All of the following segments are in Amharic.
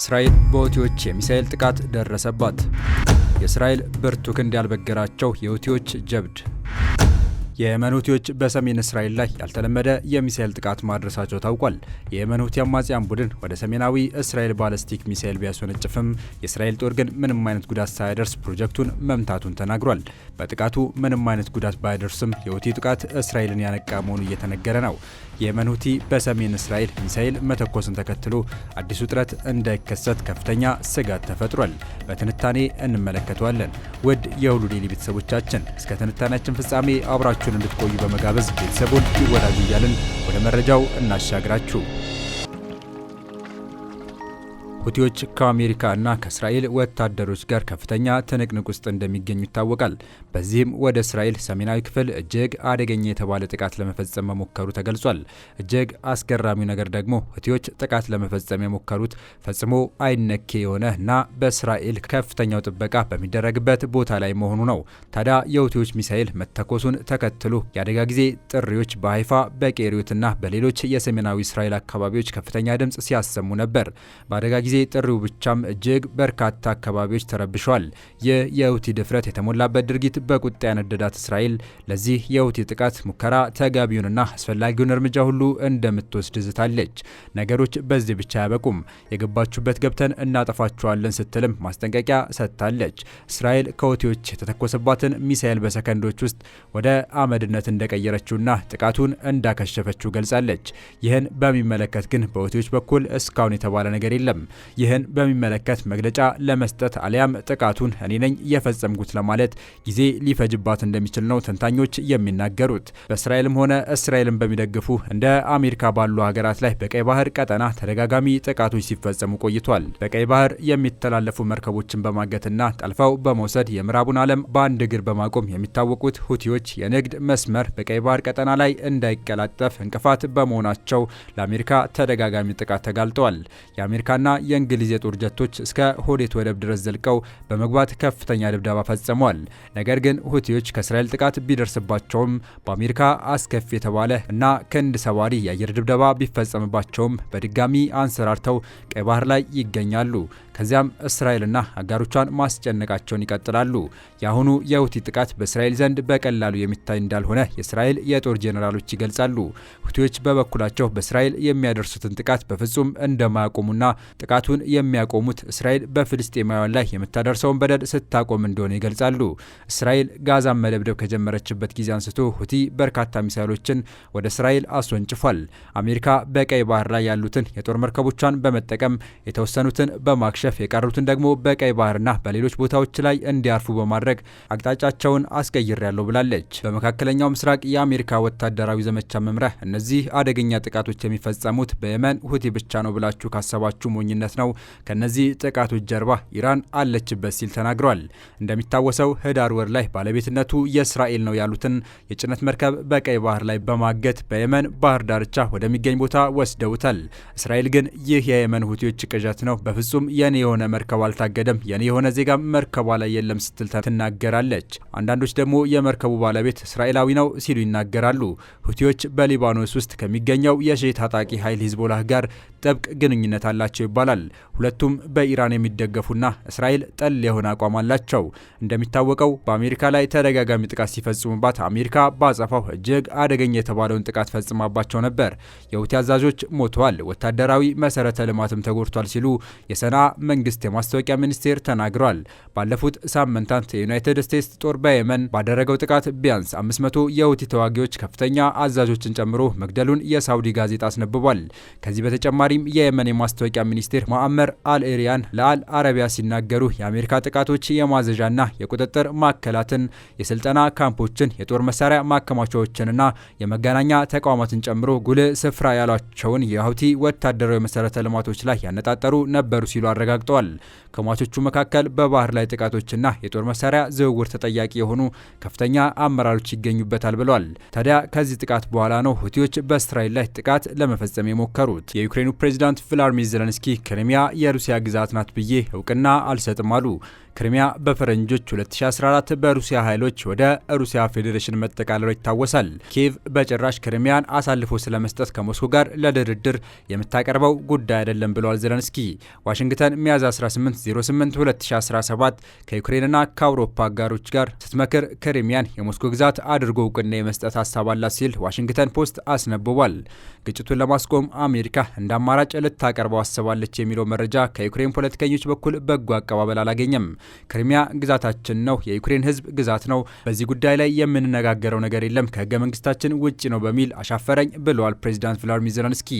እስራኤል በሁቲዎች የሚሳኤል ጥቃት ደረሰባት። የእስራኤል ብርቱ ክንድ ያልበገራቸው የሁቲዎች ጀብድ የየመን ሁቲዎች በሰሜን እስራኤል ላይ ያልተለመደ የሚሳኤል ጥቃት ማድረሳቸው ታውቋል። የየመን ሁቲ አማጽያን ቡድን ወደ ሰሜናዊ እስራኤል ባለስቲክ ሚሳኤል ቢያስወነጭፍም የእስራኤል ጦር ግን ምንም አይነት ጉዳት ሳያደርስ ፕሮጀክቱን መምታቱን ተናግሯል። በጥቃቱ ምንም አይነት ጉዳት ባይደርስም የሁቲ ጥቃት እስራኤልን ያነቃ መሆኑ እየተነገረ ነው። የየመን ሁቲ በሰሜን እስራኤል ሚሳኤል መተኮስን ተከትሎ አዲሱ ውጥረት እንዳይከሰት ከፍተኛ ስጋት ተፈጥሯል። በትንታኔ እንመለከተዋለን። ውድ የሁሉ ዴይሊ ቤተሰቦቻችን እስከ ትንታኔያችን ፍጻሜ አብራችሁ አብራችሁን እንድትቆዩ በመጋበዝ ቤተሰቦች ይወዳጁ እያልን ወደ መረጃው እናሻግራችሁ። ሁቲዎች ከአሜሪካ እና ከእስራኤል ወታደሮች ጋር ከፍተኛ ትንቅንቅ ውስጥ እንደሚገኙ ይታወቃል። በዚህም ወደ እስራኤል ሰሜናዊ ክፍል እጅግ አደገኛ የተባለ ጥቃት ለመፈጸም መሞከሩ ተገልጿል። እጅግ አስገራሚው ነገር ደግሞ ሁቲዎች ጥቃት ለመፈጸም የሞከሩት ፈጽሞ አይነኬ የሆነ እና በእስራኤል ከፍተኛው ጥበቃ በሚደረግበት ቦታ ላይ መሆኑ ነው። ታዲያ የሁቲዎች ሚሳኤል መተኮሱን ተከትሎ የአደጋ ጊዜ ጥሪዎች በሀይፋ በቄሪዮትና በሌሎች የሰሜናዊ እስራኤል አካባቢዎች ከፍተኛ ድምፅ ሲያሰሙ ነበር። በአደጋ ጊዜ ጥሪው ብቻም እጅግ በርካታ አካባቢዎች ተረብሸዋል። ይህ የሁቲ ድፍረት የተሞላበት ድርጊት በቁጣ ያነደዳት እስራኤል ለዚህ የሁቲ ጥቃት ሙከራ ተገቢውንና አስፈላጊውን እርምጃ ሁሉ እንደምትወስድ ዝታለች። ነገሮች በዚህ ብቻ አያበቁም። የገባችሁበት ገብተን እናጠፋችኋለን ስትልም ማስጠንቀቂያ ሰጥታለች። እስራኤል ከሁቲዎች የተተኮሰባትን ሚሳኤል በሰከንዶች ውስጥ ወደ አመድነት እንደቀየረችውና ጥቃቱን እንዳከሸፈችው ገልጻለች። ይህን በሚመለከት ግን በሁቲዎች በኩል እስካሁን የተባለ ነገር የለም። ይህን በሚመለከት መግለጫ ለመስጠት አሊያም ጥቃቱን እኔ ነኝ የፈጸምኩት ለማለት ጊዜ ሊፈጅባት እንደሚችል ነው ተንታኞች የሚናገሩት። በእስራኤልም ሆነ እስራኤልን በሚደግፉ እንደ አሜሪካ ባሉ ሀገራት ላይ በቀይ ባህር ቀጠና ተደጋጋሚ ጥቃቶች ሲፈጸሙ ቆይቷል። በቀይ ባህር የሚተላለፉ መርከቦችን በማገትና ጠልፈው በመውሰድ የምዕራቡን ዓለም በአንድ እግር በማቆም የሚታወቁት ሁቲዎች የንግድ መስመር በቀይ ባህር ቀጠና ላይ እንዳይቀላጠፍ እንቅፋት በመሆናቸው ለአሜሪካ ተደጋጋሚ ጥቃት ተጋልጠዋል። የአሜሪካና የእንግሊዝ የጦር ጀቶች እስከ ሆዴት ወደብ ድረስ ዘልቀው በመግባት ከፍተኛ ድብደባ ፈጽመዋል። ነገር ግን ሁቲዎች ከእስራኤል ጥቃት ቢደርስባቸውም በአሜሪካ አስከፊ የተባለ እና ክንድ ሰባሪ የአየር ድብደባ ቢፈጸምባቸውም በድጋሚ አንሰራርተው ቀይ ባህር ላይ ይገኛሉ። ከዚያም እስራኤልና አጋሮቿን ማስጨነቃቸውን ይቀጥላሉ። የአሁኑ የሁቲ ጥቃት በእስራኤል ዘንድ በቀላሉ የሚታይ እንዳልሆነ የእስራኤል የጦር ጄኔራሎች ይገልጻሉ። ሁቲዎች በበኩላቸው በእስራኤል የሚያደርሱትን ጥቃት በፍጹም እንደማያቆሙና ጥቃት ጥቃቱን የሚያቆሙት እስራኤል በፍልስጤማውያን ላይ የምታደርሰውን በደል ስታቆም እንደሆነ ይገልጻሉ። እስራኤል ጋዛን መደብደብ ከጀመረችበት ጊዜ አንስቶ ሁቲ በርካታ ሚሳይሎችን ወደ እስራኤል አስወንጭፏል። አሜሪካ በቀይ ባህር ላይ ያሉትን የጦር መርከቦቿን በመጠቀም የተወሰኑትን በማክሸፍ የቀሩትን ደግሞ በቀይ ባህርና በሌሎች ቦታዎች ላይ እንዲያርፉ በማድረግ አቅጣጫቸውን ያለው ብላለች። በመካከለኛው ምስራቅ የአሜሪካ ወታደራዊ ዘመቻ መምሪያ እነዚህ አደገኛ ጥቃቶች የሚፈጸሙት በየመን ሁቲ ብቻ ነው ብላችሁ ካሰባችሁ ሞኝነት ማለት ነው። ከነዚህ ጥቃቶች ጀርባ ኢራን አለችበት ሲል ተናግሯል። እንደሚታወሰው ህዳር ወር ላይ ባለቤትነቱ የእስራኤል ነው ያሉትን የጭነት መርከብ በቀይ ባህር ላይ በማገት በየመን ባህር ዳርቻ ወደሚገኝ ቦታ ወስደውታል። እስራኤል ግን ይህ የየመን ሁቲዎች ቅዠት ነው፣ በፍጹም የኔ የሆነ መርከብ አልታገደም፣ የኔ የሆነ ዜጋ መርከቧ ላይ የለም ስትል ትናገራለች። አንዳንዶች ደግሞ የመርከቡ ባለቤት እስራኤላዊ ነው ሲሉ ይናገራሉ። ሁቲዎች በሊባኖስ ውስጥ ከሚገኘው የሺህ ታጣቂ ኃይል ሂዝቦላህ ጋር ጥብቅ ግንኙነት አላቸው ይባላል። ተገልጿል። ሁለቱም በኢራን የሚደገፉና እስራኤል ጠል የሆነ አቋም አላቸው። እንደሚታወቀው በአሜሪካ ላይ ተደጋጋሚ ጥቃት ሲፈጽሙባት አሜሪካ ባጸፋው እጅግ አደገኛ የተባለውን ጥቃት ፈጽማባቸው ነበር። የሁቲ አዛዦች ሞተዋል፣ ወታደራዊ መሰረተ ልማትም ተጎድቷል ሲሉ የሰና መንግስት የማስታወቂያ ሚኒስቴር ተናግሯል። ባለፉት ሳምንታት የዩናይትድ ስቴትስ ጦር በየመን ባደረገው ጥቃት ቢያንስ 500 የሁቲ ተዋጊዎች ከፍተኛ አዛዦችን ጨምሮ መግደሉን የሳውዲ ጋዜጣ አስነብቧል። ከዚህ በተጨማሪም የየመን የማስታወቂያ ሚኒስቴር ሙአመር አልኤሪያን ለአል አረቢያ ሲናገሩ የአሜሪካ ጥቃቶች የማዘዣና የቁጥጥር ማዕከላትን፣ የስልጠና ካምፖችን፣ የጦር መሳሪያ ማከማቻዎችንና የመገናኛ ተቋማትን ጨምሮ ጉልህ ስፍራ ያሏቸውን የሀውቲ ወታደራዊ መሰረተ ልማቶች ላይ ያነጣጠሩ ነበሩ ሲሉ አረጋግጠዋል። ከሟቾቹ መካከል በባህር ላይ ጥቃቶችና የጦር መሳሪያ ዝውውር ተጠያቂ የሆኑ ከፍተኛ አመራሮች ይገኙበታል ብለዋል። ታዲያ ከዚህ ጥቃት በኋላ ነው ሁቲዎች በእስራኤል ላይ ጥቃት ለመፈጸም የሞከሩት። የዩክሬኑ ፕሬዚዳንት ቭላድሚር ዜለንስኪ ክሬሚያ የሩሲያ ግዛት ናት ብዬ እውቅና አልሰጥም አሉ። ክሪሚያ በፈረንጆች 2014 በሩሲያ ኃይሎች ወደ ሩሲያ ፌዴሬሽን መጠቃለሏ ይታወሳል። ኪየቭ በጭራሽ ክሪሚያን አሳልፎ ስለመስጠት ከሞስኮ ጋር ለድርድር የምታቀርበው ጉዳይ አይደለም ብለዋል ዘለንስኪ። ዋሽንግተን ሚያዝያ 1808 2017 ከዩክሬንና ከአውሮፓ አጋሮች ጋር ስትመክር ክሪሚያን የሞስኮ ግዛት አድርጎ እውቅና የመስጠት ሀሳብ አላት ሲል ዋሽንግተን ፖስት አስነብቧል። ግጭቱን ለማስቆም አሜሪካ እንደ አማራጭ ልታቀርበው አስባለች የሚለው መረጃ ከዩክሬን ፖለቲከኞች በኩል በጎ አቀባበል አላገኘም። ክሪሚያ ግዛታችን ነው፣ የዩክሬን ህዝብ ግዛት ነው። በዚህ ጉዳይ ላይ የምንነጋገረው ነገር የለም፣ ከህገ መንግስታችን ውጭ ነው በሚል አሻፈረኝ ብለዋል ፕሬዚዳንት ቭላዲሚር ዘለንስኪ።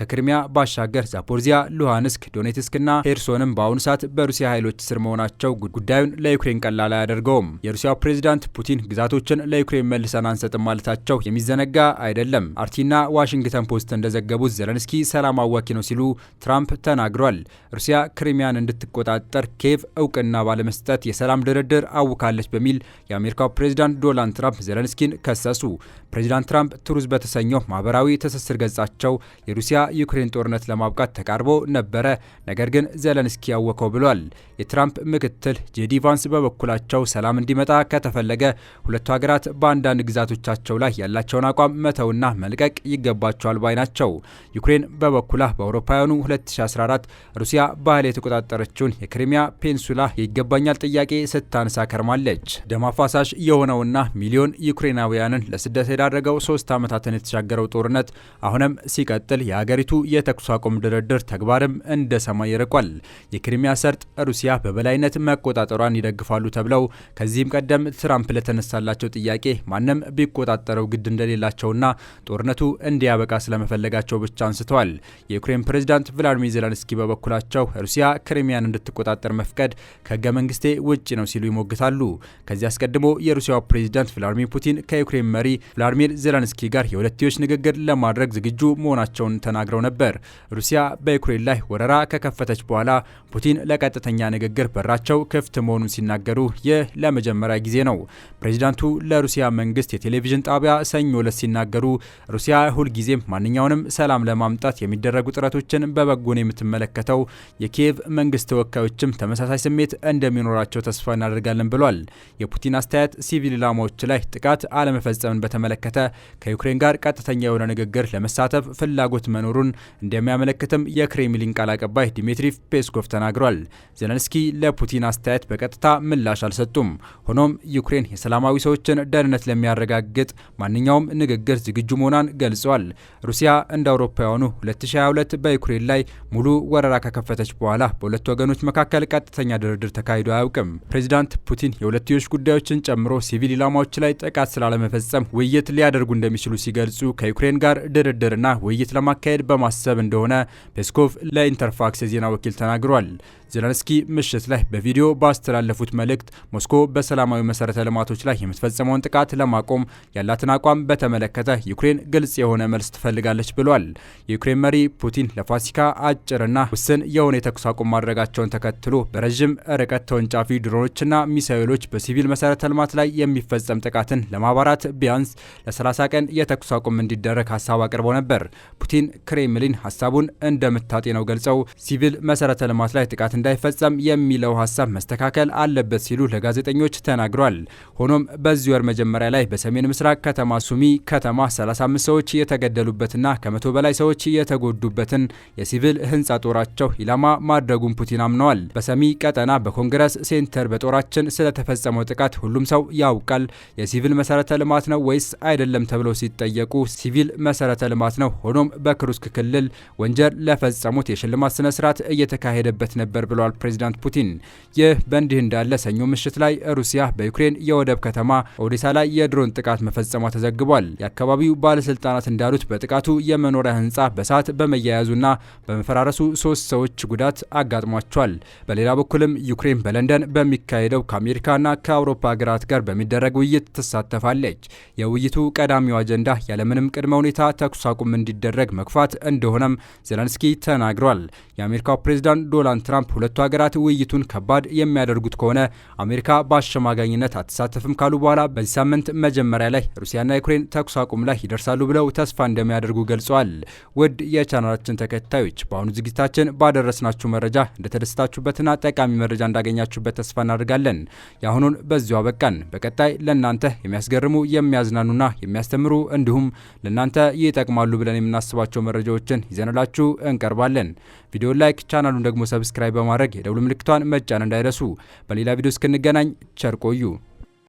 ከክሪሚያ ባሻገር ዛፖርዚያ፣ ሉሃንስክ፣ ዶኔትስክ እና ሄርሶንም በአሁኑ ሰዓት በሩሲያ ኃይሎች ስር መሆናቸው ጉዳዩን ለዩክሬን ቀላል አያደርገውም። የሩሲያው ፕሬዚዳንት ፑቲን ግዛቶችን ለዩክሬን መልሰን አንሰጥም ማለታቸው የሚዘነጋ አይደለም። አርቲና ዋሽንግተን ፖስት እንደዘገቡት ዘለንስኪ ሰላም አዋኪ ነው ሲሉ ትራምፕ ተናግሯል። ሩሲያ ክሪሚያን እንድትቆጣጠር ኬቭ እውቅና እውቅና ባለመስጠት የሰላም ድርድር አውካለች በሚል የአሜሪካው ፕሬዚዳንት ዶናልድ ትራምፕ ዘለንስኪን ከሰሱ። ፕሬዚዳንት ትራምፕ ትሩዝ በተሰኘው ማህበራዊ ትስስር ገጻቸው የሩሲያ ዩክሬን ጦርነት ለማብቃት ተቃርቦ ነበረ፣ ነገር ግን ዘለንስኪ ያወከው ብሏል። የትራምፕ ምክትል ጄዲ ቫንስ በበኩላቸው ሰላም እንዲመጣ ከተፈለገ ሁለቱ ሀገራት በአንዳንድ ግዛቶቻቸው ላይ ያላቸውን አቋም መተውና መልቀቅ ይገባቸዋል ባይ ናቸው። ዩክሬን በበኩላ በአውሮፓውያኑ 2014 ሩሲያ በኃይል የተቆጣጠረችውን የክሪሚያ ፔንሱላ የይገባኛል ጥያቄ ስታነሳ ከርማለች። ደም አፋሳሽ የሆነውና ሚሊዮን ዩክሬናውያንን ለስደት የዳረገው ሶስት ዓመታትን የተሻገረው ጦርነት አሁንም ሲቀጥል የሀገሪቱ የተኩስ አቁም ድርድር ተግባርም እንደ ሰማይ ይርቋል። የክሪሚያ ሰርጥ ሩሲያ በበላይነት መቆጣጠሯን ይደግፋሉ ተብለው ከዚህም ቀደም ትራምፕ ለተነሳላቸው ጥያቄ ማንም ቢቆጣጠረው ግድ እንደሌላቸውና ጦርነቱ እንዲያበቃ ስለመፈለጋቸው ብቻ አንስተዋል። የዩክሬን ፕሬዝዳንት ቭላዲሚር ዜለንስኪ በበኩላቸው ሩሲያ ክሪሚያን እንድትቆጣጠር መፍቀድ ከህገ መንግስቴ ውጭ ነው ሲሉ ይሞግታሉ። ከዚህ አስቀድሞ የሩሲያው ፕሬዚዳንት ቭላዲሚር ፑቲን ከዩክሬን መሪ ቭላዲሚር ዜለንስኪ ጋር የሁለትዮሽ ንግግር ለማድረግ ዝግጁ መሆናቸውን ተናግረው ነበር። ሩሲያ በዩክሬን ላይ ወረራ ከከፈተች በኋላ ፑቲን ለቀጥተኛ ንግግር በራቸው ክፍት መሆኑን ሲናገሩ ይህ ለመጀመሪያ ጊዜ ነው። ፕሬዚዳንቱ ለሩሲያ መንግስት የቴሌቪዥን ጣቢያ ሰኞ ዕለት ሲናገሩ ሩሲያ ሁልጊዜም ማንኛውንም ሰላም ለማምጣት የሚደረጉ ጥረቶችን በበጎን የምትመለከተው የኪየቭ መንግስት ተወካዮችም ተመሳሳይ ስሜት እንደሚኖራቸው ተስፋ እናደርጋለን ብሏል። የፑቲን አስተያየት ሲቪል ኢላማዎች ላይ ጥቃት አለመፈጸምን በተመለከተ ከዩክሬን ጋር ቀጥተኛ የሆነ ንግግር ለመሳተፍ ፍላጎት መኖሩን እንደሚያመለክትም የክሬምሊን ቃል አቀባይ ዲሚትሪ ፔስኮቭ ተናግሯል። ዜለንስኪ ለፑቲን አስተያየት በቀጥታ ምላሽ አልሰጡም። ሆኖም ዩክሬን የሰላማዊ ሰዎችን ደህንነት ለሚያረጋግጥ ማንኛውም ንግግር ዝግጁ መሆኗን ገልጸዋል። ሩሲያ እንደ አውሮፓውያኑ 2022 በዩክሬን ላይ ሙሉ ወረራ ከከፈተች በኋላ በሁለት ወገኖች መካከል ቀጥተኛ ድርድር ተካሂዶ አያውቅም። ፕሬዚዳንት ፑቲን የሁለትዮሽ ጉዳዮችን ጨምሮ ሲቪል ኢላማዎች ላይ ጥቃት ስላለመፈጸም ውይይት ሊያደርጉ እንደሚችሉ ሲገልጹ ከዩክሬን ጋር ድርድርና ውይይት ለማካሄድ በማሰብ እንደሆነ ፔስኮቭ ለኢንተርፋክስ የዜና ወኪል ተናግሯል። ዜለንስኪ ምሽት ላይ በቪዲዮ ባስተላለፉት መልእክት ሞስኮ በሰላማዊ መሰረተ ልማቶች ላይ የምትፈጸመውን ጥቃት ለማቆም ያላትን አቋም በተመለከተ ዩክሬን ግልጽ የሆነ መልስ ትፈልጋለች ብሏል። የዩክሬን መሪ ፑቲን ለፋሲካ አጭርና ውስን የሆነ የተኩስ አቁም ማድረጋቸውን ተከትሎ በረዥም ርቀ ርቀት ተወንጫፊ ድሮኖችና ሚሳኤሎች በሲቪል መሰረተ ልማት ላይ የሚፈጸም ጥቃትን ለማባራት ቢያንስ ለ30 ቀን የተኩስ አቁም እንዲደረግ ሀሳብ አቅርበው ነበር። ፑቲን ክሬምሊን ሀሳቡን እንደምታጤነው ገልጸው ሲቪል መሰረተ ልማት ላይ ጥቃት እንዳይፈጸም የሚለው ሀሳብ መስተካከል አለበት ሲሉ ለጋዜጠኞች ተናግሯል። ሆኖም በዚህ ወር መጀመሪያ ላይ በሰሜን ምስራቅ ከተማ ሱሚ ከተማ 35 ሰዎች የተገደሉበትና ከመቶ በላይ ሰዎች የተጎዱበትን የሲቪል ህንፃ ጦራቸው ኢላማ ማድረጉን ፑቲን አምነዋል። በሰሚ ቀጠና በኮ ኮንግረስ ሴንተር በጦራችን ስለተፈጸመው ጥቃት ሁሉም ሰው ያውቃል። የሲቪል መሰረተ ልማት ነው ወይስ አይደለም ተብለው ሲጠየቁ ሲቪል መሰረተ ልማት ነው፣ ሆኖም በክሩስክ ክልል ወንጀል ለፈጸሙት የሽልማት ስነ ስርዓት እየተካሄደበት ነበር ብለዋል ፕሬዚዳንት ፑቲን። ይህ በእንዲህ እንዳለ ሰኞ ምሽት ላይ ሩሲያ በዩክሬን የወደብ ከተማ ኦዴሳ ላይ የድሮን ጥቃት መፈጸሟ ተዘግቧል። የአካባቢው ባለስልጣናት እንዳሉት በጥቃቱ የመኖሪያ ህንፃ በሰዓት በመያያዙና በመፈራረሱ ሶስት ሰዎች ጉዳት አጋጥሟቸዋል። በሌላ በኩልም ዩክሬን ዩክሬን በለንደን በሚካሄደው ከአሜሪካና ከአውሮፓ ሀገራት ጋር በሚደረግ ውይይት ትሳተፋለች። የውይይቱ ቀዳሚው አጀንዳ ያለምንም ቅድመ ሁኔታ ተኩስ አቁም እንዲደረግ መግፋት እንደሆነም ዘለንስኪ ተናግሯል። የአሜሪካው ፕሬዚዳንት ዶናልድ ትራምፕ ሁለቱ ሀገራት ውይይቱን ከባድ የሚያደርጉት ከሆነ አሜሪካ በአሸማጋኝነት አትሳተፍም ካሉ በኋላ በዚህ ሳምንት መጀመሪያ ላይ ሩሲያና ዩክሬን ተኩስ አቁም ላይ ይደርሳሉ ብለው ተስፋ እንደሚያደርጉ ገልጸዋል። ውድ የቻናላችን ተከታዮች በአሁኑ ዝግጅታችን ባደረስናችሁ መረጃ እንደተደሰታችሁበትና ጠቃሚ መረጃ እንዳገኛችሁበት ተስፋ እናደርጋለን። የአሁኑን በዚሁ አበቃን። በቀጣይ ለእናንተ የሚያስገርሙ የሚያዝናኑና የሚያስተምሩ እንዲሁም ለእናንተ ይጠቅማሉ ብለን የምናስባቸው መረጃዎችን ይዘንላችሁ እንቀርባለን። ቪዲዮ ላይክ፣ ቻናሉን ደግሞ ሰብስክራይብ በማድረግ የደውል ምልክቷን መጫን እንዳይረሱ። በሌላ ቪዲዮ እስክንገናኝ ቸር ቆዩ።